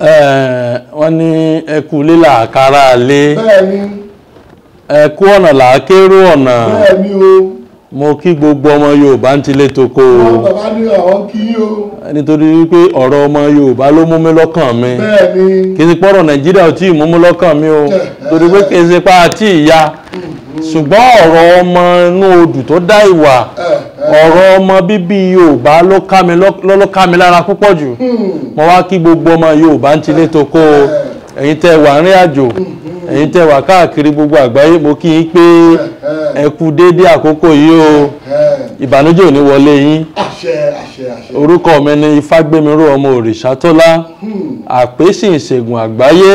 Eh, wọ́n ní ẹkú lílà àkàrà alé ẹkú ọ̀nà làákérò ọ̀nà mo kí gbogbo ọmọ Yorùbá ń tilé toko nítorí wípé ọ̀rọ̀ ọmọ Yorùbá ló mú mi lọ́kàn mi kì í ṣe pọ́rọ̀ Nàìjíríà ò tí ì mú mi lọ́kàn mi o torí pé kì í ṣe pa àti ìyá ọmọ inú odù tó dá eh. ọ̀rọ̀ ọmọ bíbí Yorùbá ló ká mi lára púpọ̀ jù mo wá kí gbogbo ọmọ Yorùbá ń tilé toko ẹ̀yin tẹ́ wà rìn àjò ẹ̀yin tẹ́ wà káàkiri gbogbo àgbáyé mo kí yín pé ẹ kú déédéé àkókò yìí o ìbànújẹ́ ò ní wọlé yín orúkọ mi ni Ifágbémiró ọmọ Òrìṣàtọ́lá àpèsìn ìṣègùn àgbáyé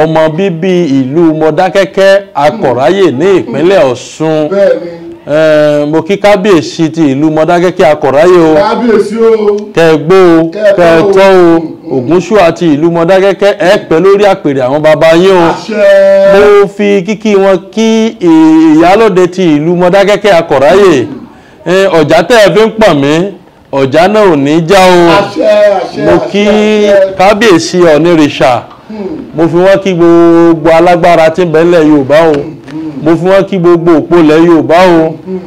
ọmọ bíbí ìlú Mọdákẹ́kẹ́ Akọ̀ráyè ní ìpínlẹ̀ Ọ̀ṣun. Bẹ́ẹ̀ni mo kí kábíyèsí ti ìlú mọdákẹ́kẹ́ akọ̀ráyé o kábíyèsí o kẹgbó o kẹtọ́ o mm. ògúnṣúà àti ìlú mọdákẹ́kẹ́ ẹ pẹ́ lórí àpèrè àwọn baba yín o mo fi kíkí wọn kí ìyálòde ti ìlú mọdákẹ́kẹ́ akọ̀ráyé ọ̀já tẹ́ ẹ fi ń pọ̀n mí ọ̀já náà ò ní já o mo kí kábíyèsí ọ̀nìrìṣà hmm. mo fi wọ́n kí gbogbo alágbára tí ń yorùbá o. Hmm mo fi wọ́n kí gbogbo òpólẹ̀ Yorùbá o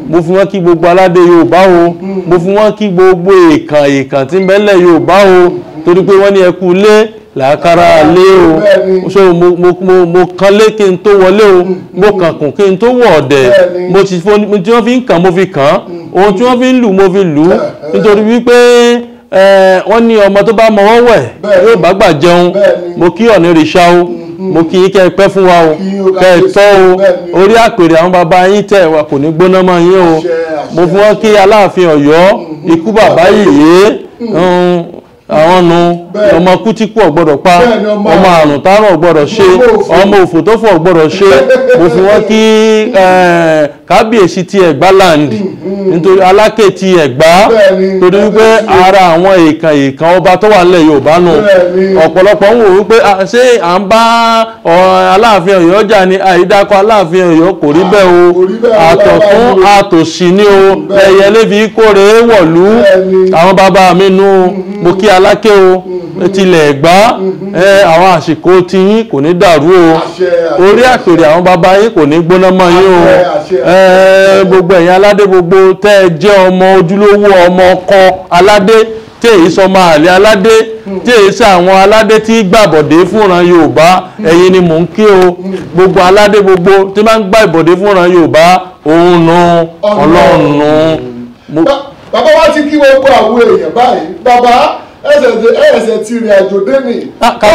mo fi wọ́n kí gbogbo aládé Yorùbá o mo fi wọ́n kí gbogbo èèkàn èèkàn tí ń bẹ́lẹ̀ Yorùbá o torí pé wọ́n ní ẹkú lé làákàrà lé o so mo kan lé kí n tó wọlé o mo kàn kùn kí n tó wọ̀ ọ̀dẹ̀ mo ti tí wọ́n fi ń kàn mo fi kàn ohun tí wọ́n fi lù mo fi lù nítorí wípé wọ́n ní ọmọ tó bá mọ wọ́n wẹ̀ yóò bá gbà jẹun mo kí Ọ̀nì rìṣà o mo kí yín kẹ́ ẹ pẹ́ fún wa o kẹ́ ẹ tọ́ o orí àpèrè àwọn bàbá yín tẹ̀ wá kò ní gbóná mọ́ yín o mo fún wọn kí aláàfin ọ̀yọ́ mm-hmm. ikú bàbá yìí mm, àwọn nu ọmọ kútíkù ọ̀gbọ́dọ̀ pa ọmọ àrùn tárùn ọ̀gbọ́dọ̀ ṣe ọmọ òfò tó fò ọ̀gbọ́dọ̀ ṣe mo fi wọ́n kí eh, kábíyèsí ti ẹ̀gbá land mm-hmm. nítorí aláké ti ẹ̀gbá torí wípé ara àwọn èèkàn èèkàn ọba tó wà nílẹ̀ yorùbá nù ọ̀pọ̀lọpọ̀ ń wò wípé ṣé à ń bá aláàfin ọ̀yọ́ jà ní àìdákọ̀ aláàfin ọ̀yọ́ kò rí bẹ́ẹ̀ o àtọ̀tún àtòsí ni o ẹ̀yẹ lébi kórè wọ̀lú àwọn bàbá mi nù mm-hmm. mo kí aláké o mm-hmm. tilẹ̀ ẹ̀gbá àwọn àsìkò tiyín kò ní dàrú o orí àpèrè àwọn bàbá yín kò ní gbóná mọ́ yín o gbogbo ẹ̀yin aládé gbogbo tẹ́ ẹ jẹ́ ọmọ ojúlówó ọmọ ọkọ aládé tí èyí sọmọ àlè aládé tí èyí sí àwọn aládé tí gbàbọ̀dé fúnran yorùbá ẹ̀yin ni mò ń kí o gbogbo aládé gbogbo tí máa ń gbà ìbọ̀dé fúnran yorùbá òun nu ọlọ́run nu. bàbá wa ti kí gbogbo àwọn èèyàn báyìí bàbá ẹsẹ̀ ti rìn àjò dé mi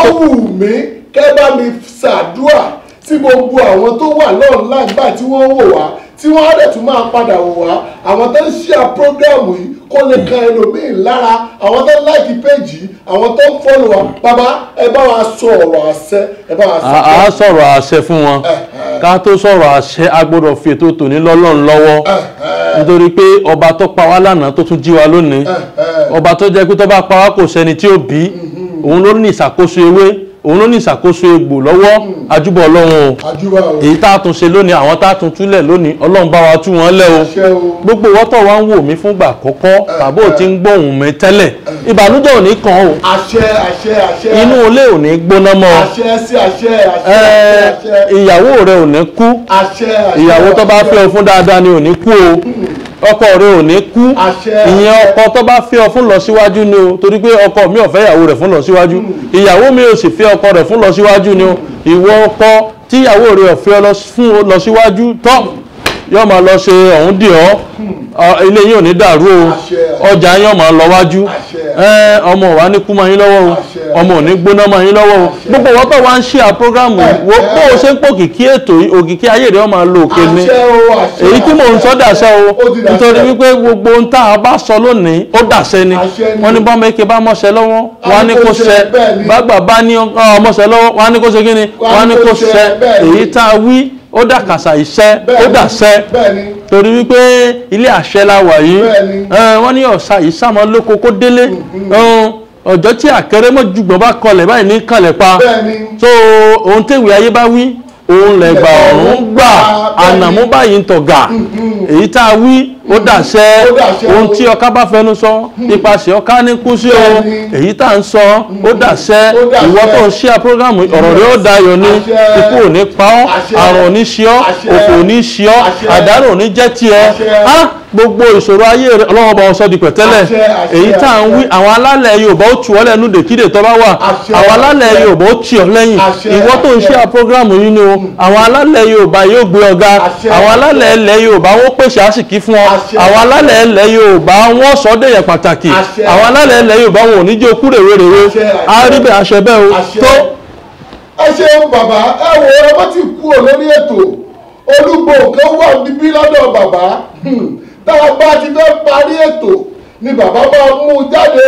ó wù mí kẹ́ bá mi ṣàdúrà sí gbogbo àwọn tó wà lọ́ọ̀lá nígbà tí wọ́n wò wá tí wọ́n á dẹ̀ tún máa padà wò wá àwọn tó ń ṣíà prógrámù yìí kó lè kan ẹlòmíì lára àwọn tó ń láìkí péjì àwọn tó ń fọ́lù wa bàbá ẹ bá wa sọ ọ̀rọ̀ àṣẹ ẹ bá wa sọ. a sọ̀rọ̀ àṣẹ fún wọn eh, eh. ká tó sọ̀rọ̀ àṣẹ a gbọ́dọ̀ fi ètò tòní lọ́lọ́run lọ́wọ́ eh, nítorí pé ọba tó pa wá lánàá tó tún jí wa lónìí ọba tó jẹ́ pé tó bá pa wá kò sẹ́ni tí ó bí mm-hmm. òun ló ní ìṣàkóso ewé òun ló ní ìṣàkóso egbò lọ́wọ́ ajúbọ ọlọ́run o èyí tá a tún ṣe lónìí àwọn tá túlẹ̀ lónìí ọlọ́run bá wa tú wọn lẹ́ o gbogbo wọ́tọ̀ wa ń wò mí fúngbà àkọ́kọ́ tàbí ò ti ń gbóhùn mi tẹ́lẹ̀ ìbànújẹ́ ò ní kàn o inú ilé ò ní gbóná mọ́ ìyàwó rẹ ò ní kú ìyàwó tó bá fẹ́ o fún dáadáa ni ò ní kú o. Hmm ọkọ rẹ ò ní kú ìyẹn ọkọ tó bá fẹ́ ọ fún lọ síwájú ni o torí pé ọkọ mi ò fẹ́ ìyàwó rẹ̀ fún lọ síwájú hmm. ìyàwó mi ò sì fẹ́ ọkọ rẹ̀ fún lọ síwájú ni o ìwọ ọkọ tíyàwó rẹ̀ ò fẹ́ lọ síwájú tọ́ yóò máa lọ ṣe ọ̀hún dì ọ́ hmm. ah, ilé yín ò ní dàrú o ọjà yín ó máa lọ wájú ọmọ wa ní kú máa yín lọ́wọ́ o ọmọ ò ní gbóná máa yín lọ́wọ́ o gbogbo wọn tó wá ń ṣe àpọ́gàmù wo bó o ṣe ń pò kìkí ètò òkìkí ayé rẹ̀ ó máa òkè ni èyí tí mò ń sọ dàṣẹ o nítorí wípé gbogbo ohun tá a bá sọ lónìí ó dàṣẹ ni wọn ní bọ́mọ ike bá mọ́ṣẹ lọ́wọ́ wọn ní kó ṣẹ bàgbà bá ní ọmọṣẹ ah, lọ́wọ́ wọn ní kó ṣe kí ó dà kàsà iṣẹ́ ó dà sẹ́ torí wípé ilé àṣẹ la wà yìí wọ́n ní ọ̀sà yìí sàmọ́ lóko kó délé mm-hmm. ọjọ́ tí àkẹrẹ́mọ́jùgbọ́n bá kọlẹ̀ báyìí ní kọlẹ̀ pa so ohun téwì ayé bá wí òun lẹ̀gbà ọ̀run gbà ànàmú báyìí ń tọ̀gà mm-hmm. èyí tá a wí ó dàṣẹ ohun tí ọká bá fẹnu sọ nípasẹ̀ hmm. ọká ní kú sí o èyí tá à ń sọ ó dàṣẹ hmm. ìwọ tó ń ṣíà prógrámù ọ̀rọ̀ rẹ ó dayọ̀ ni ikú ò ní pa ọ́ àrùn ò ní ṣe ọ́ òkò ò ní ṣe ọ́ àdárò ò ní jẹ́ tiẹ̀ á gbogbo ìṣòro ayé rẹ ọlọ́wọ́n bá wọn sọ di pẹ̀tẹ́lẹ̀ èyí tá à ń wí àwọn alálẹ̀ yorùbá ó tù ọ́ lẹ́nu dèkídè tó bá wà àwọn alálẹ̀ yorùbá ó tì ọ́ lẹ́yìn ìwọ tó ń ṣe àpọ́gíráàmù yìí ni o hmm. àwọn alálẹ̀ yorùbá yóò gbé ọ̀gá àwọn alálẹ̀ yorùbá wọn pèsè àsìkí fún ọ àwọn alálẹ̀ ilẹ̀ Yorùbá wọ́n sọ dẹ̀yẹ pàtàkì àwọn alálẹ̀ ilẹ̀ Yorùbá wọn ò ní jẹ́ okú rèwerèwe á rí bẹ́ẹ̀ àṣẹ bẹ́ẹ̀ o tó. ẹ ṣeun bàbá ẹ wo ẹ bá ti kú ò lórí ètò olúgbò kan wà níbí lọ́dọ̀ bàbá hmm. tá a bá ti fẹ́ parí ètò ni bàbá máa mú jáde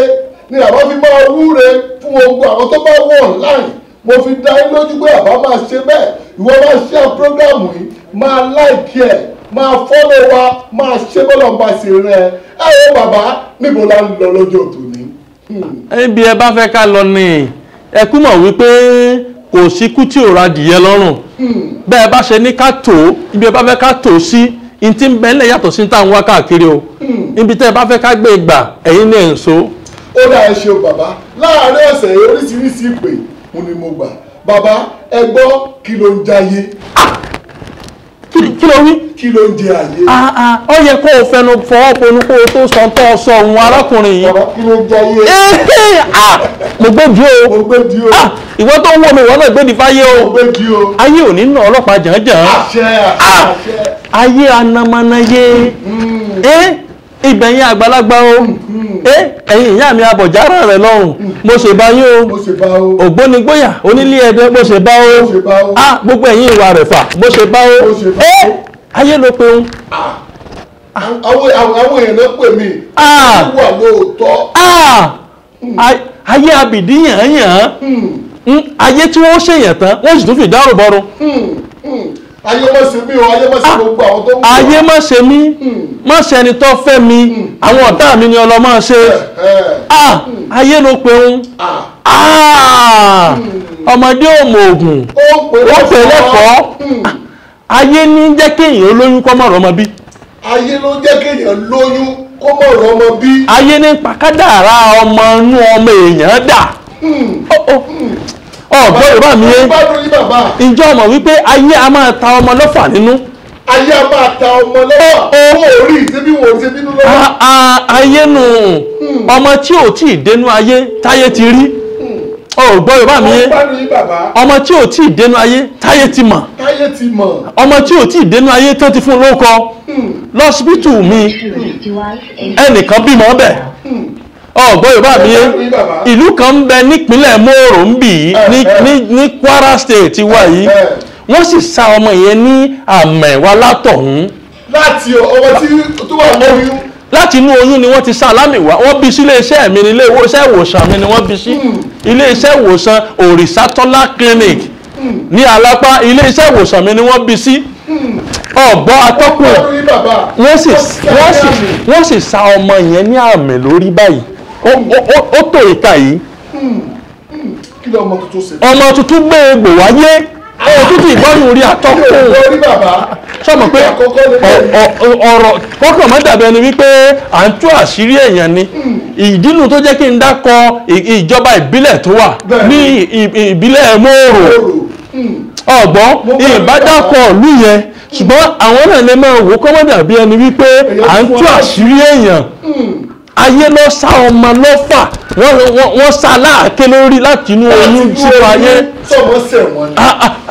ni bàbá fi máa wúre fún gbogbo àwọn tó bá wọ̀ online mo fi dá lójú pé bàbá máa ṣe bẹ́ẹ̀ ìwọ máa ṣe program yìí máa láìkí ẹ̀ máa fọ́lọ́ wa máa ṣe bọ́lọ̀ bá ṣe rẹ ẹ wo bàbá níbo la ń lọ lọ́jọ́ tòní. ibi hmm. ẹ bá fẹ́ ká lọ ni ẹ kú mọ̀ wípé kò síkú tí ò radìyẹ lọ́rùn hmm. bẹ́ẹ̀ bá ṣe ní ká tó ibi ẹ bá fẹ́ ká tó sí n tí ń bẹ ńlẹ̀ yàtọ̀ sí táwọn wá káàkiri o ibi hmm. tẹ́ ẹ bá fẹ́ ká gbé gbà ẹ̀yin ní ẹ̀ ó dá ẹ ṣeun bàbá láàárín ọ̀sẹ̀ oríṣiríṣi ìpè mo ni mo gbà bàbá ẹ gbọ́ kí ló ń jayé. Ah! kí ló wí kí ló ń jẹ àyè. Ah, ah, ó yẹ kó o fẹnu fọwọ́ ponú kó o tó sọ tó o sọ òun arákùnrin yìí. ọ̀rọ̀ kí ló ń jẹ ayé. Ah, mo gbé di o. mo gbé di o. ìwọ tó ń wọ mi ìwọ náà gbé di fáyé o. mo gbé di o. ayé ò ní nà ọlọ́pàá jàǹjàǹ. àṣẹ àṣẹ. ayé anamanaye. Hmm. Eh, ibẹ̀ yẹn àgbàlagbà o. Hmm, hmm. Eh, ẹ̀yin ìyá mi abọ̀jára rẹ̀ lọ́rùn. mo ṣe bá yín o. mo ṣe bá o. ògbónigbóyà onílé ẹgbẹ́ mo ṣe bá o. mo ṣe bá o. gbogbo ẹ̀yin ìwà rẹ̀ fà mo ṣe bá o. mo ṣe bá o. Eh, ayé ló pe ń. Ah, ah, àwọn àwọn èèyàn ló pè mí. Ah. wà lóòótọ́. Hmm. ayé abìdí yàn yàn hmm. Hmm, ayé tí wọ́n ṣèyàn tán wọ́n sì tún fi dárò bọ́run. ayé má ṣe mí o ayé má ṣe gbogbo àwọn tó ń bọ̀. ayé má ṣe mí má ṣe ẹni tó fẹ́ mi àwọn ọ̀tá mi ni ọlọ́mọ ṣe eh, eh. ayé ló pe ń ọmọdé ò ògùn wọ́n pè lẹ́kọ̀ọ́. ayé ní jẹ́ kéèyàn lóyún kọ́ mọ̀rọ̀ ọmọ bí. ayé ló jẹ́ kéèyàn lóyún kọ́ mọ̀rọ̀ ọmọ bí. ayé ní pàkádàrá ọmọ inú ọmọ èèyàn dà. ọ̀gbọ́n hmm. oh, oh. hmm. oh, yorùbá mi yé ǹjẹ́ ọmọ wípé ayé a máa ta ọmọ lọ́fà nínú. ayé a máa ta ọmọ lọ́fà kó o rí ìsebí wo ìsebí nínú lọ́wọ́. Ah, ah, ayé nù hmm. ọmọ tí ò tí ì dénú ayé táyé ti rí. o gbọ́ yorùbá mi yé ọmọ tí ò tí ì dénú ayé táyé ti mọ̀ ọmọ tí ò tí ì dénú ayé tán ti fún lóko hmm. lọ́sibítù mi ẹnìkan bímọ ọbẹ̀ o hmm. gbọ́ yorùbá mi yé ìlú kan ń bẹ nípínlẹ̀ mòrò ń bì yìí ní Kwara state wa yìí wọ́n sì sa ọmọ yẹn ní àmẹ̀wá látọ̀hún. láti ọmọ tí tó wà lóyún láti inú oyún ni wọ́n ti sálámì wá wọ́n bí sí iléeṣẹ́ mi ní iléeṣẹ́ ìwòsàn mi ni wọ́n bí sí hmm. iléeṣẹ́ ìwòsàn òrìṣàtọ́lá clinic hmm. ní alápá iléeṣẹ́ ìwòsàn mi ni wọ́n bí sí hmm. ọ̀gbọ́ atọ́kùn wọ́n sì sa ọmọ yẹn ní àmì lórí báyìí ó tó ìka yìí ọmọ tuntun gbé egbò wáyé òtútù ìgbọ́dún orí àtọ́kùn sọmọ pé ọ̀rọ̀ kọ́kàn má dàbí ẹni wípé à ń tú àṣírí èèyàn ni hmm. ìdínú tó jẹ́ kí n dákọ ìjọba ìbílẹ̀ tó wà ní ìbílẹ̀ mòrò hmm. ọ̀gbọ́n ìbádàkọ̀ ìlú yẹn ṣùgbọ́n àwọn náà lè máa wò kọ́mọ́dà bí ẹni wípé à ń tú àṣírí èèyàn. Hmm ayé ló sá ọmọ lọ́fà wọ́n sá láàké lórí láti inú oyún sínú ayé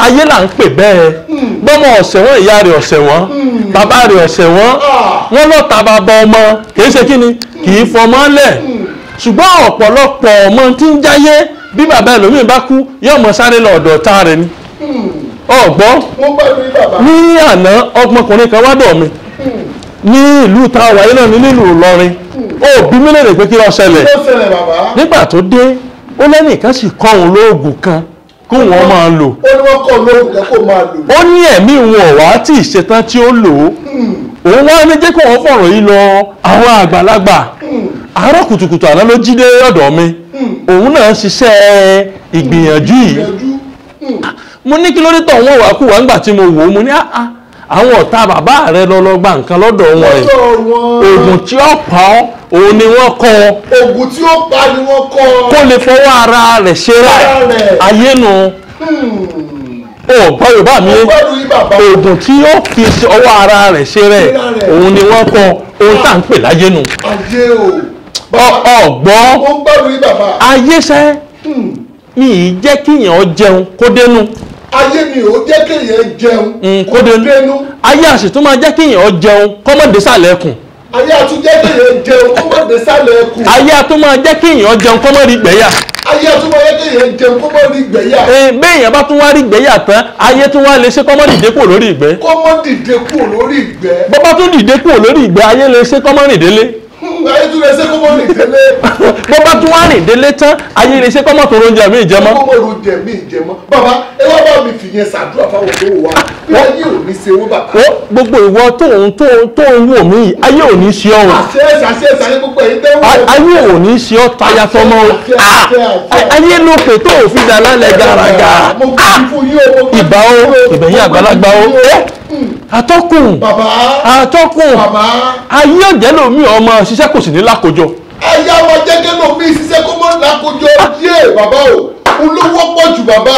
ayé là ń pè bẹ́ẹ̀ hmm. bọ́mọ ọ̀sẹ̀ wọn ìyá rẹ̀ ọ̀sẹ̀ wọn hmm. bàbá rẹ̀ ọ̀sẹ̀ ah. wọn wọn lọ́ta bàbá ọmọ kìí ṣe kí ni hmm. kìí fọmọ lẹ̀ ṣùgbọ́n ọ̀pọ̀lọpọ̀ ọmọ tí ń jáyé bí bàbá ẹlòmíì bá kú yóò mọ sáré lọ ọ̀dọ̀ ọ̀tá rẹ̀ ni ọ̀gbọ́n ní àná ọmọkùnrin kan wá dọ̀ mi ní ìlú táwa yìí náà ní nílùú Ìlọrin ó bí mílíọ̀nù pé kí sele. nigba nígbà tó dé ó lẹ́nìkan sì kọ́ òun lóògùn kan kó wọ́n máa lò ó ní ẹ̀mí wọn ọ̀wá tí ìṣetán tí ó lò ó hmm. wá ní jẹ́ wọ́n fọ̀rọ̀ yìí lọ àwọn àgbàlagbà hmm. àárọ̀ kùtùkùtù àná ló jí ọ̀dọ̀ mi hmm. òun náà ṣiṣẹ́ ìgbìyànjú yìí mo ní kí wà kú wà ńgbà tí mo wò ó mo àwọn ọ̀tá bàbá rẹ lọ lọ gba nǹkan lọ́dọ̀ wọn ẹ̀ oògùn tí ó pa ọ́ òun ni wọ́n kọ́ ọ. oògùn tí ó pa ni wọ́n kọ́ ọ. kó lè fọwọ́ ara rẹ̀ ṣe rà ayé nu hmm. ó gbọ́ yorùbá mi oògùn tí ó fi ọwọ́ ara rẹ̀ ṣe rẹ̀ òun ni wọ́n kọ́ ohun tá à ń pè láyé nu. ọ̀gbọ́n ayé sẹ́ hmm. mi ì jẹ́ kíyàn jẹun kó dénú ayé mi ò jẹ́ kéèyàn jẹun mm, kó dénú. ayé àṣẹ tó máa jẹ́ kéèyàn jẹun kọ́mọ̀dé sàlẹ̀ ẹkùn. ayé àtún jẹ́ kéèyàn jẹun kọ́mọ̀dé sàlẹ̀ ẹkùn. ayé àtún máa jẹ́ kéèyàn jẹun kọ́mọ̀dé gbẹ̀yà. ayé àtún máa jẹ́ kéèyàn jẹun kọ́mọ̀dé gbẹ̀yà. ee béèyàn bá tún wá rí gbẹ̀yà tán ayé tún wá lè ṣe kọ́mọ̀dìdé kù lórí ìgbẹ́. kọ́mọ̀dìdé kù lórí ìgbẹ́. bọ́bá tún dìde kù lórí ìgbẹ́ ayé lè ṣe kọ́mọ̀dìdé lé ayé tún lè ṣe kó mọ́ rìn délé. bó bá tún wá rìn délé tán ayé lè ṣe kó mọ́ tó oúnjẹ mi jẹ mọ́. kó mọ́ oúnjẹ mi jẹ mọ́ bàbá ẹ wá bá mi fìyẹn ṣàdúrà fáwọn tó wà pé ayé ò ní ṣe owó bàbá. gbogbo ìwọ tóun tóun tóun wò mí ayé ò ní ṣe ọrùn. àṣẹ àṣẹ àṣẹ gbogbo ẹ̀yin tẹ́ wọ́n. ayé ò ní ṣe ọ tayà tọmọ o ayé ló pè tó òfin dà lálẹ́ gàràgà ìbá o ìbẹ̀yìn àgbàlagbà o. Hmm. atọ́kùn atọ́kùn ayé ọ̀jẹ́ lomi ọmọ ṣiṣẹ́ kò sì ní lákòjọ. ayé àwọn jẹ́gẹ́ lomi ṣiṣẹ́ kó mọ́ lákòjọ díẹ̀ ah. bàbá o olówó pọ̀ jù bàbá.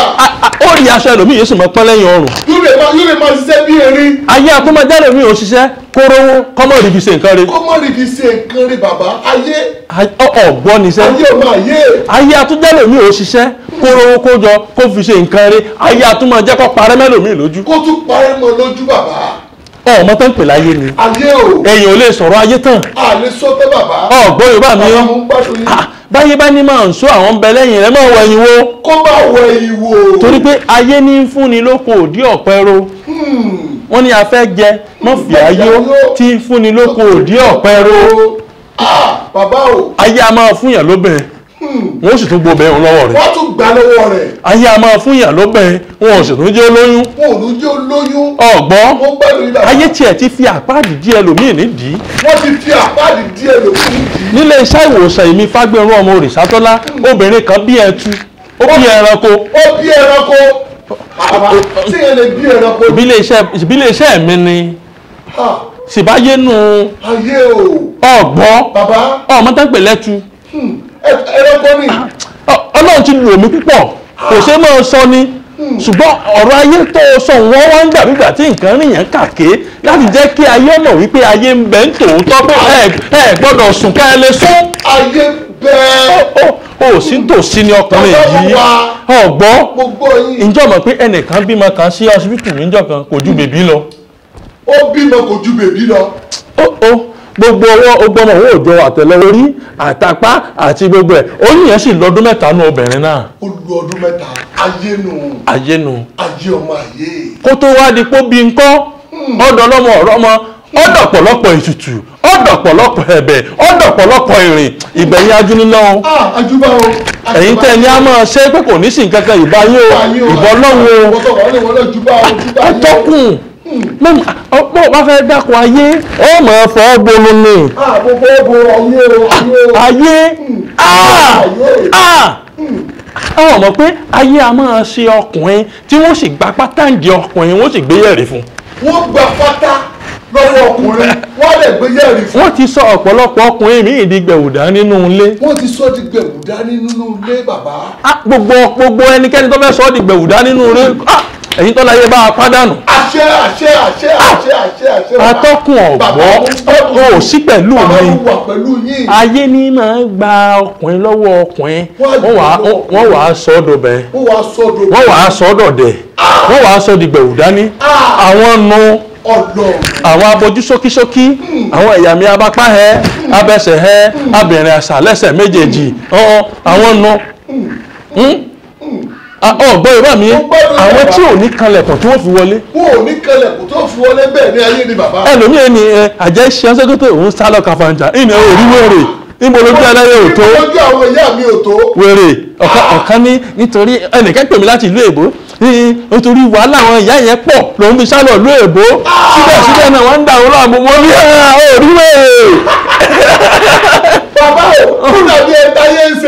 ó rí aṣọ ẹlòmíì yóò sì máa pọ́n lẹ́yìn ọrùn. yúrè máa yúrè máa ṣiṣẹ́ bí erin. ayé àtúmọ̀já lèmi ò ṣiṣẹ́ kórówó kọ́mọ̀ ríbi ṣe nǹkan rí. kọ́mọ̀ ríbi ṣe nǹkan rí bàbá ayé. ọ̀gbọ́n ni sẹ́. ayé ò máa yé kó rówó kó jọ kó fi ṣe nǹkan eré ayé àtúmọ̀ jẹ́ kó parẹ́ mẹ́lòmíì lójú. kó tún parẹ́ mọ́ lójú bàbá ọmọ tó ń pè láyé ni èyàn ò lè sọ̀rọ̀ ayé tán ọgbọ́n yorùbá mi ó ah, báyé bá ní máa ń sọ àwọn ń bẹ lẹ́yìn rẹ máa wọ ẹ̀yìn wo kó bá wọ ẹ̀yìn wo torí pé ayé ní ń fúnni lóko òdí ọ̀pẹ ro hmm. wọ́n ní a fẹ́ jẹ mọ́ fi ayé tí ń fúnni lóko òdí ọ̀pẹ ro ah, ayé wọ́n sì tún gbọ́bẹ̀ òun lọ́wọ́ rẹ̀. wọ́n tún gbà lọ́wọ́ rẹ̀. ayé a máa fún yàn lọ́bẹ̀ wọn ò sì tún jẹ́ olóyún. wọn ò ní jẹ́ olóyún. ọ̀gbọ́n ayé tiẹ̀ ti fi àpáàdì díẹ̀ lòmíì nídìí. wọ́n ti fi àpáàdì díẹ̀ lòmíì nídìí. nílé iṣẹ́ ìwòsàn èmi fágbẹ́rún ọmọ òrìṣàtọ́lá obìnrin kan bí ẹtu ó bí ẹranko. ó bí ẹranko. àbá tí yẹn lè bí ẹranko. ìbílé iṣẹ́ mi ni ẹranko ni. ọlọ́run ti lò mí púpọ̀ kò ṣe é máa sọ ni ṣùgbọ́n ọ̀rọ̀ ayé tó sọ wọ́n wá ń gbà nígbà tí nǹkan rìnyàn kàké láti jẹ́ kí ayé mọ̀ wípé ayé ń bẹ ń tòótọ́ pé ẹ gbọ́dọ̀ sùn ká ẹ lè sùn. ayé bẹ́ẹ̀. o sì ń tòsí ni ọkùnrin yìí ọ̀gbọ́ ǹjọ́ mọ̀ pé ẹnìkan bímọ kan sí ọsibítù níjọ́ kan kò ju bèbí lọ. ó bímọ kò ju bèbí lọ gbogbo ọwọ́ ọgbọ́n náà owó òjò àtẹlẹwọ́ orí àtàpá àti gbogbo ẹ̀ oyún yẹn sì lọ́dún mẹ́ta nù obìnrin náà. ó lu ọdún mẹ́ta ayé nu. ayé nu. ayé ọmọ ayé. kó tó wá di pó bí nkọ́ hmm. ọ̀dọ̀ ọlọ́mọ ọ̀rọ̀ ọmọ hmm. ọ̀dọ̀ pọ̀lọpọ̀ ètùtù ọ̀dọ̀ pọ̀lọpọ̀ ẹ̀bẹ̀ ọ̀dọ̀ pọ̀lọpọ̀ ìrìn ìgbẹ̀yìn ajú níná o. àjùbá ah, o. ẹ̀yin tẹ́ ni a máa ṣe pé kò ní sí nǹkan kan ìbáyé o ìbọn lọ́wọ́ o. àtọ́kùn mọ́mí ọ̀pọ̀ bá fẹ́ dákun ayé. ó mọ̀ ọ́ fọ́ bolo ni. àbúkọ́ ah, bo ayé o ayé o. ayé àwọn hmm. ọmọ ah! ah, hmm. pé ayé a máa ṣe ọkùnrin tí wọ́n sì gba pátá ń jẹ ọkùnrin wọ́n sì gbé yẹ̀rì fún. wọ́n gba pátá lọ́wọ́ ọkùnrin wọ́n lè gbé yẹ̀rì fún. wọ́n ti sọ ọ̀pọ̀lọpọ̀ ọkùnrin mi di gbẹ̀wùdá nínú ilé. wọ́n ti sọ di gbẹ̀wùdá nínú ilé bàbá. gbogbo gbogbo ẹnikẹ́ni tó fẹ́ sọ di gbẹ̀wùdá nínú ilé ẹ̀yin tó láyé bá a pádànù. àṣẹ àṣẹ àṣẹ ah! àṣẹ àṣẹ àṣẹ. atọ́kùn ọ̀gbọ́ ò sí pẹ̀lú mi ayé ni máa ń gba ọkùnrin lọ́wọ́ ọkùnrin wọ́n wàá sọ ọ́ dọ̀bẹ̀ wọ́n wàá sọ ọ́ dọ̀dẹ̀ wọ́n wàá sọ dìgbẹ̀wù ah! dání ah! àwọn nu àwọn abojú ṣókíṣókí hmm. àwọn ẹ̀yàmí abapá ẹ hmm. abẹsẹ̀ ẹ hmm. abìnrin àṣà lẹ́sẹ̀ méjèèjì àwọn nu ọgbọ́n yorùbá mi àwọn tí ò ní kanlẹ̀kùn tí wọ́n fi wọlé. wọn ò ní kanlẹ̀kùn tí wọ́n fi wọlé bẹ́ẹ̀ ní ayé ni bàbá. ẹlòmíì ni àjẹ́ iṣẹ́ sẹ́kẹ́tẹ̀ òun sá lọ kàfàǹjà ìní orí wèrè níbo lójú aláyé ò tó. níbo lójú àwọn ìyá mi ò tó. wèrè ọ̀kan ní nítorí ẹnìkan pè mí láti ìlú èbó nítorí wàhálà àwọn ìyá yẹn pọ̀ lòun fi sá lọ ìlú èbó síbẹ̀síbẹ̀ náà wọ́n ń dà wọ́n láàmú wọn ní orí wèrè. bàbá ò kí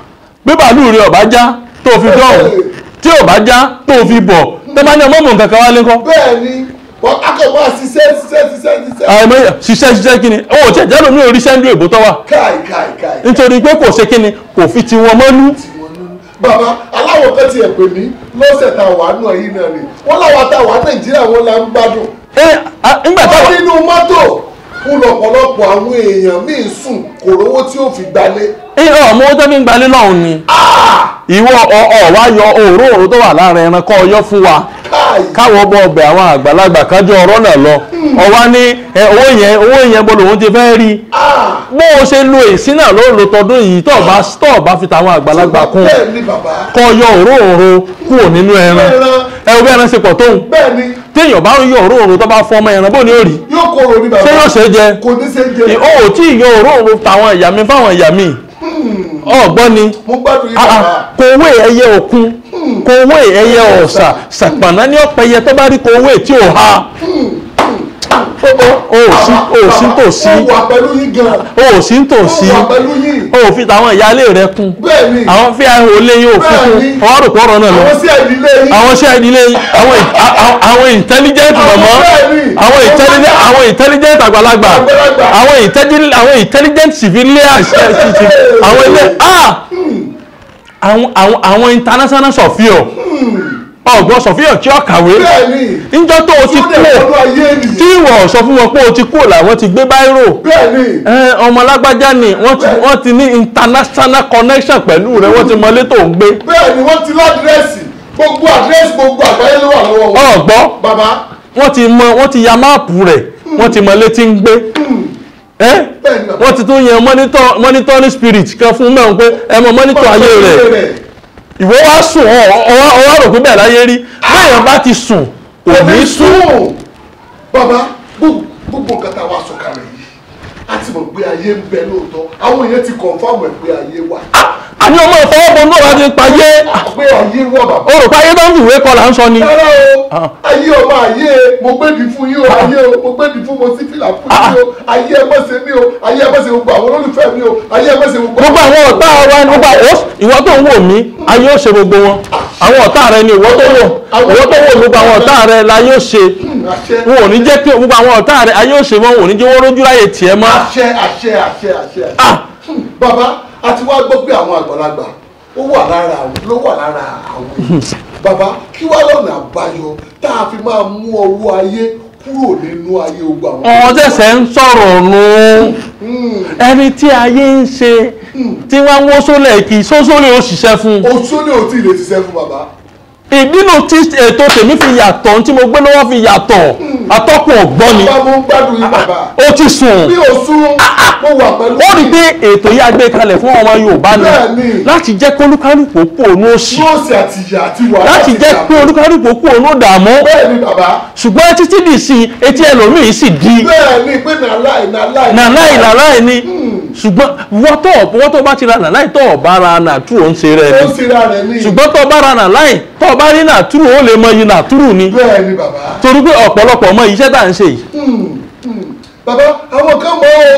bí bàálù rí ọ̀bá tó fi dọ́hùn tí ọ̀bá já tó fi bọ̀ tó bá ní ọmọ mọ̀ wá kọ́. bẹ́ẹ̀ni wọn akọ̀wé ṣiṣẹ́ ṣiṣẹ́ ṣiṣẹ́ kí ni owó tí ẹ̀jẹ̀ lómi orí èbó káì pé kò ṣe kí kò fi ti wọn bàbá aláwọ̀ kan lọ́sẹ̀ tá wà nù ẹ̀yìn náà wọ́n láwa tá a wà Nàìjíríà kú lọ́pọ̀lọpọ̀ àwọn èèyàn míì sùn kò rówó tí ó fi gbalé. ẹ ọ mọ owó tó ń gbalé náà ni ah! ìwọ ọ wá yọ òró òró tó wà lára ẹran kọ ọyọ fún wa káwọ bọ ọbẹ àwọn àgbàlagbà kájọ ọrọ náà lọ ọwá hmm. ní owó yẹn owó yẹn bọ lòun ti fẹ́ rí ah! bó o ṣe lo èsì náà ló lo tọdún yìí tó bá tó bá fi tàwọn àgbàlagbà kún kọ yọ òró òró kúrò nínú ẹran ẹ wo bí ẹran ṣe pọ̀ tóun. bẹ́ẹ̀ni téèyàn bá ń yọ òróòrò tó bá fọ ọmọ ẹran bó ni ó rí ṣé yóò ṣe jẹ kò ní ṣe jẹ o ò tí ì yọ òróòrò tàwọn ìyá mi fáwọn ìyá mi hmm. ọgbọ́n ni ah, ah, kòwé ẹyẹ òkun hmm. kòwé ẹyẹ ọ̀sà ṣàpàná hmm. ní ọ̀pẹ̀yẹ tó bá rí kòwé tí ò ha o sí tòsí o sí tòsí o fi tàwọn ìyáálé rẹ kún àwọn fi àwọn olè yìí ò fi kún àwọn àròpọ̀ ọ̀rọ̀ náà lọ àwọn iṣẹ́ ìdílé àwọn intelligent mọ̀mọ́ àwọn intelligent àwọn intelligent àgbàlagbà àwọn intelligent àwọn intelligent civilians àwọn ilé àwọn international sọ̀fíọ̀ hmm. ọ̀gbọ́n sọ̀fíọ̀ tí ó kàwé níjọ́ tó o ti kú wọ́n sọ fún wọn pé o ti kúrò làwọn ti gbé báírò ọmọ alágbájá ni wọ́n ti ní international connection pẹ̀lú rẹ wọ́n ti mọ ilé tó ń gbé. bẹ́ẹ̀ ni wọ́n ti ládírẹ́sì gbogbo àdírẹ́sì gbogbo àgbáyé ló wà lọ́wọ́ wọn. ọ̀gbọ́ bàbá wọ́n ti mọ wọ́n ti ya máàpù rẹ̀ hmm. wọ́n ti mọ ilé tí ń gbé hmm. wọ́n ti tún yan monitoring spirit kan fún mẹ́rin pé ẹ mọ monitor ayé rẹ̀ ìwọ wá sùn ọwọ́ rò pé bẹ́ẹ̀ láyé rí bẹ́ẹ̀ yẹn bá ti sùn kò ní sùn. Baba, gbogbo nǹkan tá a wá sọ kalẹ̀ yìí a ti mọ̀ pé ayé ń bẹ lóòótọ́ àwọn èèyàn ti kọ̀ǹfàmù ẹ̀ pé ayé wà. Ah, àní ọmọ ìfọwọ́bọ náà wá ti payé. pé ayé wà bàbá. o rò pé ayé tó ń fìwé kọ là ń sọ ni. rárá o ah. ayé ọmọ ayé mo gbèdì fún yín o ah. ayé o mo gbèdì fún mo sí fìlà fún yín o ayé ẹ mọ̀sẹ̀ mi o ayé ẹ mọ̀sẹ̀ gbogbo àwọn olólùfẹ́ mi o ayé ẹ mọ̀sẹ̀ gbogbo. gbogbo àwọn ọ̀tá wa ni gbogbo àwọn ìwọ tó ń wò mí ayé ó ṣe gbogbo wọn àwọn ọ̀tá rẹ ni ìwọ tó wò ìwọ tó wò gbogbo àwọn ọ̀tá rẹ la yóò ṣe wọn ò ní jẹ́ pé gbogbo àwọn ọ̀tá rẹ a òṣè mọ́ wọn ò ní jẹ́ wọ́n rójú láyè tiẹ̀ mọ́. àṣẹ àṣẹ àṣẹ àṣẹ. Hmm, bàbá a ti wá gbọ́ pé àwọn àgbàlagbà ó wà lára ló wà lára àwọn bàbá kí wá lọ́nà àbáyọ tá a fi máa mú ọwọ́ ayé kúrò nínú ayé ogun àwọn. ọ̀hún tẹ̀sẹ̀ ń sọ̀rọ̀ nù. Hmm. ẹni tí ayé ń ṣe hmm. tí wọ́n ń wó sólẹ̀ kì í sósólè ó ṣiṣẹ́ fún. òṣòlè ò tí ì lè ṣiṣẹ́ fún bàbá ìdí nù tí ètò tèmi fi yàtọ̀ tí mo gbé lọ́wọ́ fi yàtọ̀ hmm. atọ́kùn ọ̀gbọ́n ni ó ti sùn ó rí pé ètò yìí agbé kalẹ̀ fún ọmọ Yorùbá ni láti jẹ́ kó olúkálùkù kú òun ó sì láti jẹ́ kó olúkálùkù kú òun ó dààmú ṣùgbọ́n títí dì sí etí ẹlòmíì sì di nàláì nàláì ni. Hmm ṣùgbọ́n wọ́tọ̀ wọ́tọ̀ bá ti ranà láì tọ́ ọ̀bá ra nàtúrù ó ń ṣe rẹ ni ṣùgbọ́n tọ́ bá ra nà láì tọ́ ọ̀bá rí nàtúrù ó lè mọ iye nàtúrù ni torí pé ọ̀pọ̀lọpọ̀ mọ iṣẹ́ tá à ń ṣe yìí. Hmm, hmm. bàbá àwọn kan mọ o.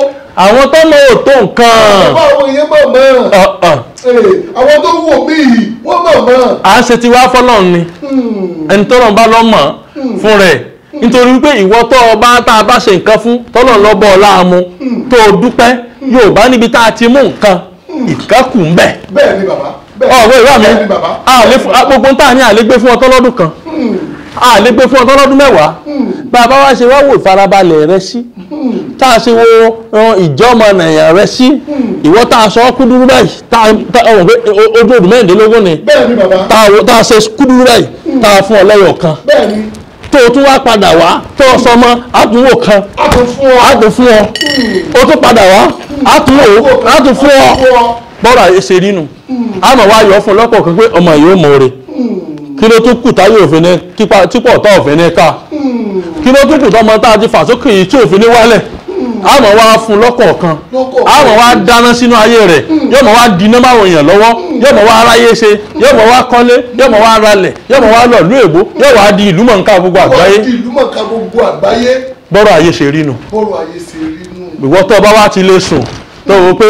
àwọn tó mọ ò tó nǹkan. bàbá àwọn yẹn mọ̀ mọ́. Eh, àwọn tó wù mí yìí wọ́n mọ̀ mọ́. à ń ṣe tiwa fọlọ́run ni hmm. ẹni tó ràn bá lọ́mọ fún rẹ̀ nítorí wípé ìwọ tó ọba tá a bá ṣe nǹkan fún tọ́lọ̀ lọ́bọ̀ ọláàmú tó o dúpẹ́ yóò bá níbi tá a ti mú nǹkan ìkákù ń bẹ̀. bẹ́ẹ̀ ni bàbá ọ̀rọ̀ ìwà mi gbogbo ń tà ní àlégbé fún ọtọ́ lọ́dún kan àlégbé fún ọtọ́ lọ́dún mẹ́wàá bàbá wa ṣe wá wò ìfarabalẹ̀ rẹ sí tá a ṣe wo ìjọmọ nàìyàn rẹ sí ìwọ tá a sọ kúdúrú báyìí tá a mọ̀ pé ojú òdùmẹ́rìndínlógún ni tá a ṣe kúdúrú báyìí tá a fún ọ lẹ́yọ̀ kan tó o tún wá padà wá tó o sọmọ àtúnwò kan àtún fún ọ o tún padà wá fún ọ hmm. ṣe hmm. wá yọ fún lọ́pọ̀ kan pé ọmọ yìí ó rẹ̀ hmm. kí ló tún kù táyé òfin ní òfin àmọ́ wá fún lọ́kọ̀ọ̀kan àmọ́ wá dáná sínú ayé rẹ̀ hmm. yóò mọ̀ wá di nọ́mbà àwọn èèyàn lọ́wọ́ hmm. yóò mọ̀ wá aráyé ṣe hmm. yóò mọ̀ wá kọ́lé yóò mọ̀ wá ralẹ̀ yóò mọ̀ wá èbó yóò wá di ìlú mọ̀ǹká gbogbo àgbáyé bọ́rọ̀ ayé ṣe rí nù ìwọ tó bá wá ti lè sùn tó wò pé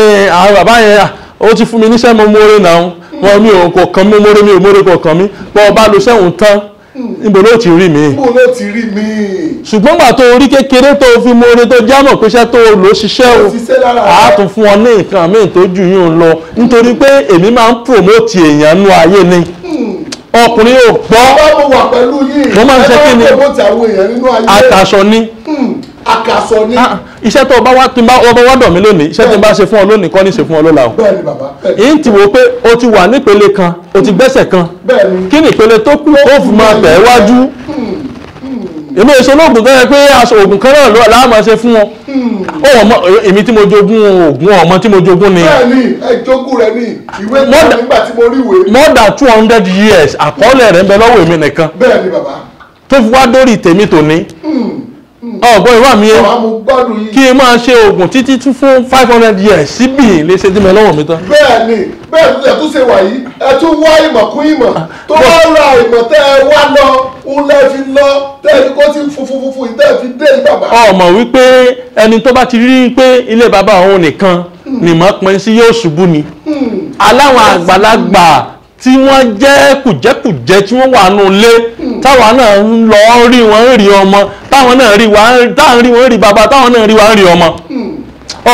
bàbá yẹn ó ti fún mi níṣẹ́ mo náà wọn mi ò níbo ló ti rí mi. níbo ló ti rí mi. ṣùgbọ́n gbà tó orí kékeré tó fi mú orin tó jámọ̀ pé iṣẹ́ tó lò ó ṣiṣẹ́ o a tún fún ọ ní nǹkan míì tó jù yín lọ nítorí pé èmi máa ń promote èèyàn nú ayé ni hmm. ọkùnrin ò gbọ́ mo máa ń ṣe kí ni àtàṣọ ni. Hmm akasọ ni. Ah, iṣẹ́ tó o bá wá tí n bá ọba wá dọ̀ mí lónìí iṣẹ́ tí n bá ṣe fún ọ lónìí kọ́ ní ṣe fún ọ lọ́la o. bẹ́ẹ̀ni bàbá bẹ́ẹ̀ni. yìí ti wò pé o ti wà nípele kan o ti gbẹ́sẹ̀ kan. bẹ́ẹ̀ni. kí ni ìpele tó kù ó fún máa tẹ̀ wájú. Hmm, hmm, hmm. èmi èso lóògùn tó yẹ pé aṣọ oògùn kan náà lọ́wọ́ láàmú ṣe fún wọn. ó wọ̀n mọ èmi tí mo jogún oògùn ọmọ tí mo jogún ni. bẹ́ẹ̀ni ẹ jogún rẹ ni ìwé kan nígbà tí mo rí ìwé. more than two hundred years àkọọ́lẹ̀ rẹ̀ ń bẹ lọ́wọ́ èmi nìkan. bẹ́ẹ̀ni bàbá. tó fi wá dórí tèmi tòní. Oh ọ̀gbọ́n ìwà mi yẹn kí n máa ṣe oògùn títí tún fún five hundred years síbì lè ṣe dínmọ̀ lọ́wọ́ mi tán. bẹ́ẹ̀ni bẹ́ẹ̀ tó tẹ̀ tún ṣe wà yìí ẹ tún wá ìmọ̀ kún ìmọ̀ ah, tó bá ra ìmọ̀ tẹ́ ẹ wá lọ ń lẹ́ fi lọ tẹ́ ẹ kó tí funfun funfun ìtẹ́ fi dé ìbàbà. ọmọ wípé ẹni tó bá ti rí pé ilé bàbá òun nìkan hmm. nìmọ̀ pin sí yóò ṣubú ni hmm. aláwọn àgbàlagbà tí wọ́n jẹ́ kùjẹ́kùjẹ́ tí wọ́n wà nù lé táwa náà ń lọ rí wọn ń rí ọmọ táwọn náà rí wọn táwọn rí wọn rí bàbá táwọn náà rí wọn rí ọmọ hmm.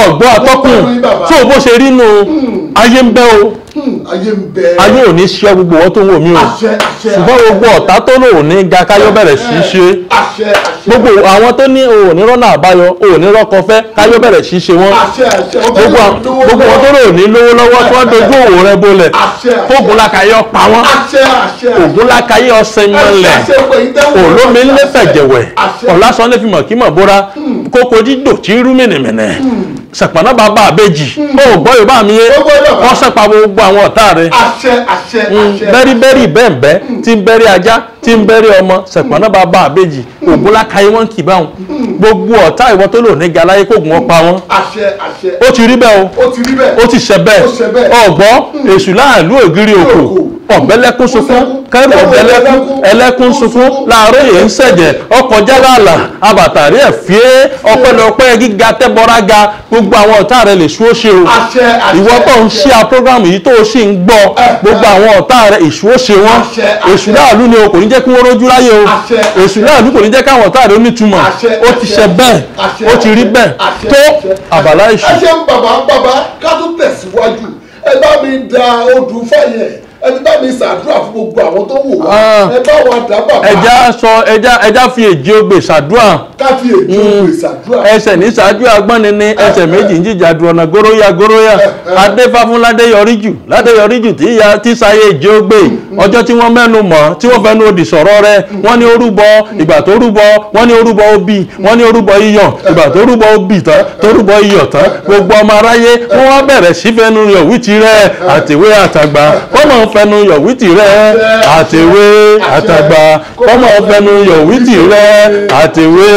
ọgbọ́n atọ́kùn tó bó ṣe rí nù hmm ayé ń bẹ o hmm, ayé ò ní ṣe gbogbo wọn tó ń wò mí o ṣùgbọ́n gbogbo ọ̀tá tó lò ní ga káyọ́ bẹ̀rẹ̀ sí í ṣe gbogbo àwọn tó ní o ní rọ́nà àbáyọ o ní rọ́kọ fẹ́ káyọ́ bẹ̀rẹ̀ sí í ṣe wọ́n gbogbo wọn tó lò ní lówó lọ́wọ́ tí wọ́n dojú òwò rẹ bolẹ̀ fóògùn lákàyè ọ̀pá wọn ògùn lákàyè ọ̀sẹ̀ mọ́lẹ̀ olómi ńlẹ́fẹ̀jẹ̀wẹ̀ ọ̀lásán lẹ́fìmọ̀ kí mọ̀ bóra hmm. kókó dídò tí rú mìnìmìnì hmm sàpàná bàbá àbejì hmm. ó gbọ́ yorùbá mi yé wọ́n sàpà gbogbo àwọn ọ̀tá rẹ̀ hmm. bẹ́rí bẹ́rí bẹ́ẹ̀ bẹ́ẹ̀ hmm. tí ń bẹ́rí ajá tí ń bẹ́rẹ̀ ọmọ ṣẹ̀pọ̀nà bàbá àbèjì ògùn lákàyè wọn kì báwọn gbogbo ọ̀tá ìwọ tó lò ní galáyé kóògùn ọ̀pá wọn. ó ti rí bẹ́ẹ̀ o ó ti ṣẹ bẹ́ẹ̀ ọ̀gbọ́ èṣù láàlú ògiri òkò ọ̀bẹ́lẹ́kún sunkún kẹ́rù ọ̀bẹ́lẹ́kún ẹlẹ́kún sunkún láàárọ̀ yẹn ń ṣẹ̀jẹ̀ ọkọ̀ jálàlà abàtàrí ẹ̀ fíé ọpẹ́lọpẹ́ gíga tẹ́bọ́ra ga gbogbo àwọn ọ̀tá rẹ̀ lè ṣú ó ṣe o ìwọ tó ń ṣe a program yìí tó o ṣì ń gbọ́ gbogbo àwọn ọ̀tá rẹ̀ èṣù ó ṣe wọ́n èṣù láàlú ni o ní jẹ́ kí wọ́n rójú láyé o èṣù náà ní kò ní jẹ́ káwọn ọ̀tá rẹ̀ ó nítumọ̀ ó ti ṣe bẹ́ẹ̀ ó ti rí bẹ́ẹ̀ tó àbàlá èṣù. ẹ ṣe ń bàbá bàbá ká tó tẹ̀síwájú ẹ bá mi da odù fàyẹ̀ ẹ ti bá mi ṣàdúrà fún gbogbo àwọn tó wò wá ah. ẹ bá wa dá bàbá. ẹja sọ ẹja ẹja fi èjì ogbè ṣàdúrà. ká fi èjì ogbè hmm. ṣàdúrà. ẹsẹ̀ ní ṣáájú agbọ́nni ní ẹsẹ̀ méjì ń jìjà du ọ̀nà góróyà góróyà eh, eh. adéfáfún ládéyọríjù ládéyọríjù tí ya tí sáyé èjì ogbè hmm. ọjọ́ tí wọ́n mẹ́nu mọ̀ tí wọ́n fẹ́nu òdì sọ̀rọ̀ rẹ̀ hmm. wọ́n ní orúbọ ìgbà tó rúbọ wọ́n ní orúbọ obì wọ́n ní orúbọ iyọ̀ eh. ìgbà tó rúbọ obì tán tó rúbọ iyọ̀ tán gbogbo ọmọ aráyé wọ́n wá bẹ̀rẹ̀ sífẹ́nu yọ̀ wí tirẹ̀ àtìwé àtàgbà kọ́mọ̀ fẹnu yọ̀ wítì rẹ̀ àtèwe àtàgbà kọ́mọ fẹnu yọ̀ wítì rẹ̀ àtèwe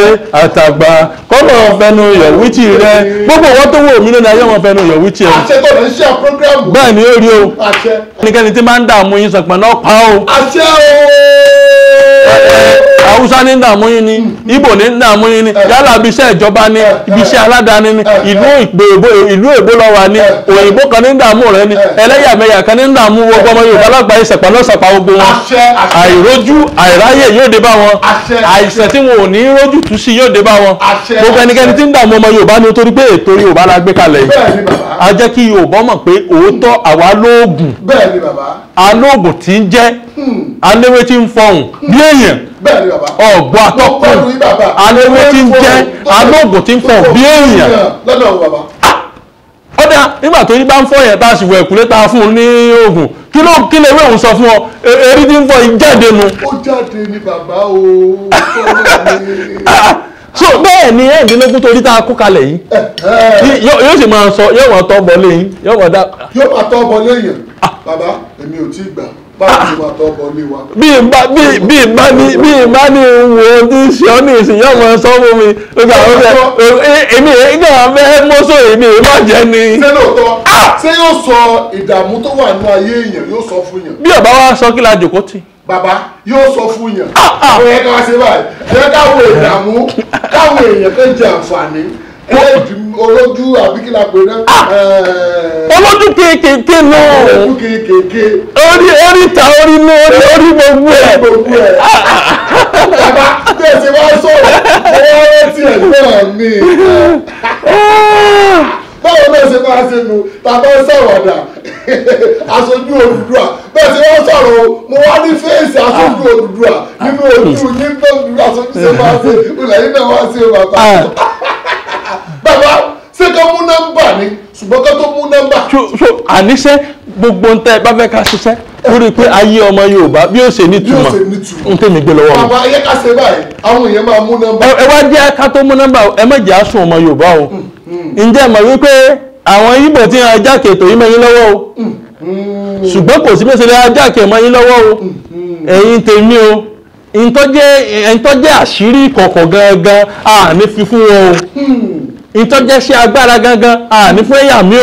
àtàgbà kọ́mọ fẹnu yọ̀ wítì rẹ̀ gbogbo wọn tó wò mí lónìí ayé wọn fẹnu yọ̀ wítì rẹ̀. àṣẹ tó lè ṣe program. bẹ́ẹ̀ ó rí o. àṣẹ. ẹnikẹ́ni tí máa ń dààmú yín sọ̀pẹ̀ náà pa o. àṣẹ o. Eh, haúsá ní dààmú yín ni ìbò ní dààmú yín ni yálà ibi iṣẹ́ ìjọba ni ibi iṣẹ́ aládàáni ni ìlú ìgbèbó ìlú èbó lọ wà ni òyìnbó kan ní dààmú rẹ ni ẹlẹ́yàmẹ̀yà kan ní dààmú gbogbo ọmọ yorùbá lágbàáyé ṣẹ̀pá lọ́sàpá gbogbo wọn àìrójú àìráyè yóò dé bá wọn àìsàn tí wọn ò ní rójú tú sí yóò dé bá wọn gbogbo ẹnikẹ́ni tí ń dààmú ọmọ yorùbá ni torí pé ètò yorùbá la gbé kalẹ̀ yìí a jẹ́ kí yorùbá mọ̀ pé òótọ́ àwa lóògùn alóògùn tí ń jẹ́ hmm. aléwé tí ń fọhùn hmm. bí èèyàn ọ̀gbọ́n atọ́kùn aléwé tí ń jẹ́ alóògùn tí ń fọhùn bí èèyàn ọ̀dà nígbà tó bá ń yẹn tá a sì wọ ẹ̀kúlé tá a fún un ní oògùn kí ló kí lè sọ fún ọ e, erí tí ń fọ nu. ó jáde ni bàbá o so bẹ́ẹ̀ ni ẹ̀ẹ́dínlógún torí tá a kó kalẹ̀ yìí yóò sì máa sọ yóò máa tọ́ bọ léyìn yóò máa tọ́ bàbá èmi ò tí ì gbà bí ìbá ní bí ìbá ní wo tí ń ṣe ọ́ ní ìsìnyá ọmọ sọ fún mi nígbà tó fẹ́ èmi ìgbà fẹ́ mọ́sọ̀ èmi ìbá jẹ́ ni. ṣé lóòótọ́ ṣé yóò sọ ìdààmú tó wà nínú ayé èèyàn yóò sọ fún yàn. bí ọba wa sọ kí la jòkó tì. bàbá yóò sọ fún yàn. àwọn ẹ̀ka ṣe báyìí jẹ́ káwọn ìdààmú káwọn èèyàn kan jẹ àǹfààní olójú àbíkílà pé náà. Ah! olójú kéékèèké náà. olójú kéékèèké. orí orí ta orí inú orí orí gbogbo ah! ẹ. gbogbo ẹ. bàbá tẹ̀sí wá sọ̀rọ̀ ọwọ́ rántí ẹ̀ náà ni. báwo náà ṣe máa ṣe nu bàbá sọ̀rọ̀ dà aṣojú Odùduwà bẹ́ẹ̀ tí wọ́n sọ̀rọ̀ o mo wá ní fèsì aṣojú Odùduwà nínú ojú yín tó aṣojú ṣe máa ṣe ìlànà yín náà wá ṣe bàbá. Ah! bàbá ṣé ká mú nọ́mbà ni ṣùgbọ́n ká tó mú nọ́mbà. àníṣe gbogbo ń tẹ́ ẹ bá fẹ́ ká ṣiṣẹ́ lórí pé ayé ọmọ yorùbá bí ó ṣe nítumọ̀ ń tẹ̀mí gbé lọ́wọ́ mi. bàbá ayé ká ṣe báyìí àwọn èèyàn máa mú nọ́mbà. ẹ wá jẹ́ ká tó mú nọ́mbà ẹ má jẹ́ àsùn ọmọ yorùbá o mm, mm. ǹjẹ́ mọ̀ wípé àwọn ibo ti ń ajá kètò yìí mẹ́yìn lọ́wọ́ o mm, ṣùgbọ́n kò sí mẹ́sẹ̀lẹ̀ ajá kẹ̀ mẹ́yìn lọ́wọ́ o ẹ̀yin tèmi o ìtọ́jẹ́ àṣírí kọ̀ọ̀kan gangan àní fi wọn o. Hmm ìtọ́jẹ́ ṣe agbára gangan àní fún èyà mi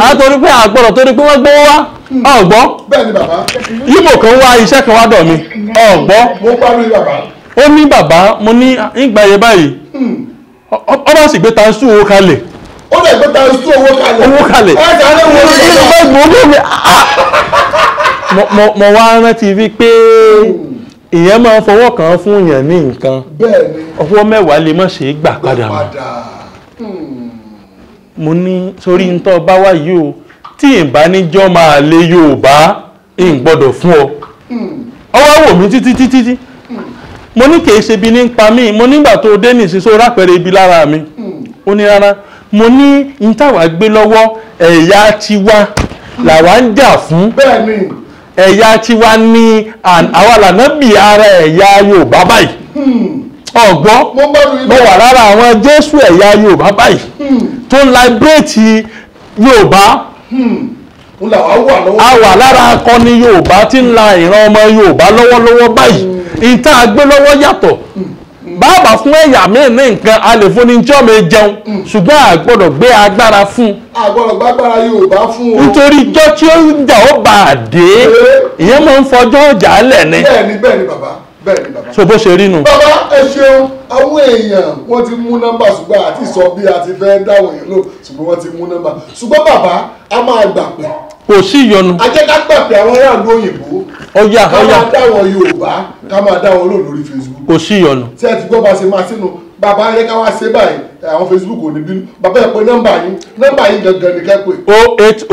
o àtòrí pé àgbọ̀rọ̀ torí pé wọ́n gbówó wá ọ̀gbọ́ hmm. yíbo kan wá iṣẹ́ kan wá dọ̀ mi ọ̀gbọ́ ó ní bàbá mo ní ìgbà yẹn báyìí ọ hmm. bá sì gbé tansú owó kalẹ̀ ó lè gbé tansú owó kalẹ̀ owó kalẹ̀ ah! mo wá rántí wípé. Hmm ìyẹn máa ń fọwọ́ kan fún èèyàn ní nǹkan ọwọ́ mẹ́wàá lè má ṣe é gbà padà mọ́ hmm. mo ní sórí ntọ́ bá wá yìí o tí ìbá níjọ́ máa lé Yorùbá ń gbọ́dọ̀ fún ọ ọwọ́ hmm. wò mí títí títí tí hmm. mo ní kì í ṣe bí ní pa mí mo nígbà tó dé nìsín só rápẹ̀rẹ̀ ibi lára mi ó ní rárá mo ní ntàwá gbé lọ́wọ́ ẹ̀yà tiwa làwa ń jà fún. bẹ́ẹ̀ ni ẹ̀yà tiwa ní àwa lànà bí ara ẹ̀yà Yorùbá báyìí hmm. ọ̀gbọ́n mo wà lára àwọn Jésù ẹ̀yà Yorùbá báyìí hmm. tó ń láìbírèètì Yorùbá hmm. a wà lára akọni Yorùbá tí ń la ìran ọmọ Yorùbá lọ́wọ́lọ́wọ́ báyìí ìta àgbélọ́wọ́ yàtọ̀ bàbá fún ẹ̀yà míì ní nǹkan a lè fún ní jọ́ mi jẹun mm. ṣùgbọ́n a gbọ́dọ̀ gbé agbára fún. a gbọ́dọ̀ gbàgbára Yorùbá fún o. nítorí ijọ́ tí ó ń jà ó bà dé eh. ìyẹn máa ń fọjọ́ ọjà lẹ̀ ni. bẹ́ẹ̀ ni bàbá bẹ́ẹ̀ ni bàbá. so bó ṣe rí nu. bàbá ẹ ṣeun àwọn èèyàn wọ́n ti mú nọ́mbà ṣùgbọ́n àti sọ bí a ti fẹ́ dáwọ̀ yẹn lò ṣùgbọ́n wọ́n ti mú nọ́mbà ṣùgbọ́n bàbá a máa gbà pé. kò sí ìyọnu. ajẹ́ká gbàgbé àwọn aráàlú òyìnbó. ọyà ọyà ká máa dáwọ̀ Yorùbá ká máa dáwọ̀ lò lórí Facebook. kò sí ìyọnu. tí ẹ ti gbọ́ bá ṣe máa sínú bàbá yẹ ká wá ṣe báyìí àwọn Facebook ò ní bínú bàbá ẹ pé nọ́mbà yín nọ́mbà yín gangan ni ká pè. 080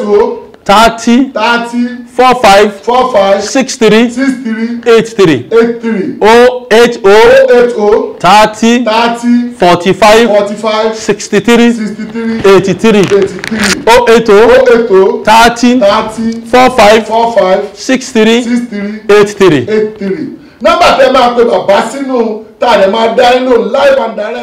080 thirty. thirty. four five. four five. six three. six three. eight three. eight three. oh eight oh. oh eight oh. thirty. thirty. forty five. forty five. sixty three. sixty three. eighty three. eighty three. oh eight oh. oh eight oh. thirty. thirty. four five. four five. six three. six three. eight three. eight three. nọ́mbà tẹ́ máa pe bàbá sínú tá a lè máa dá nínú live and direct.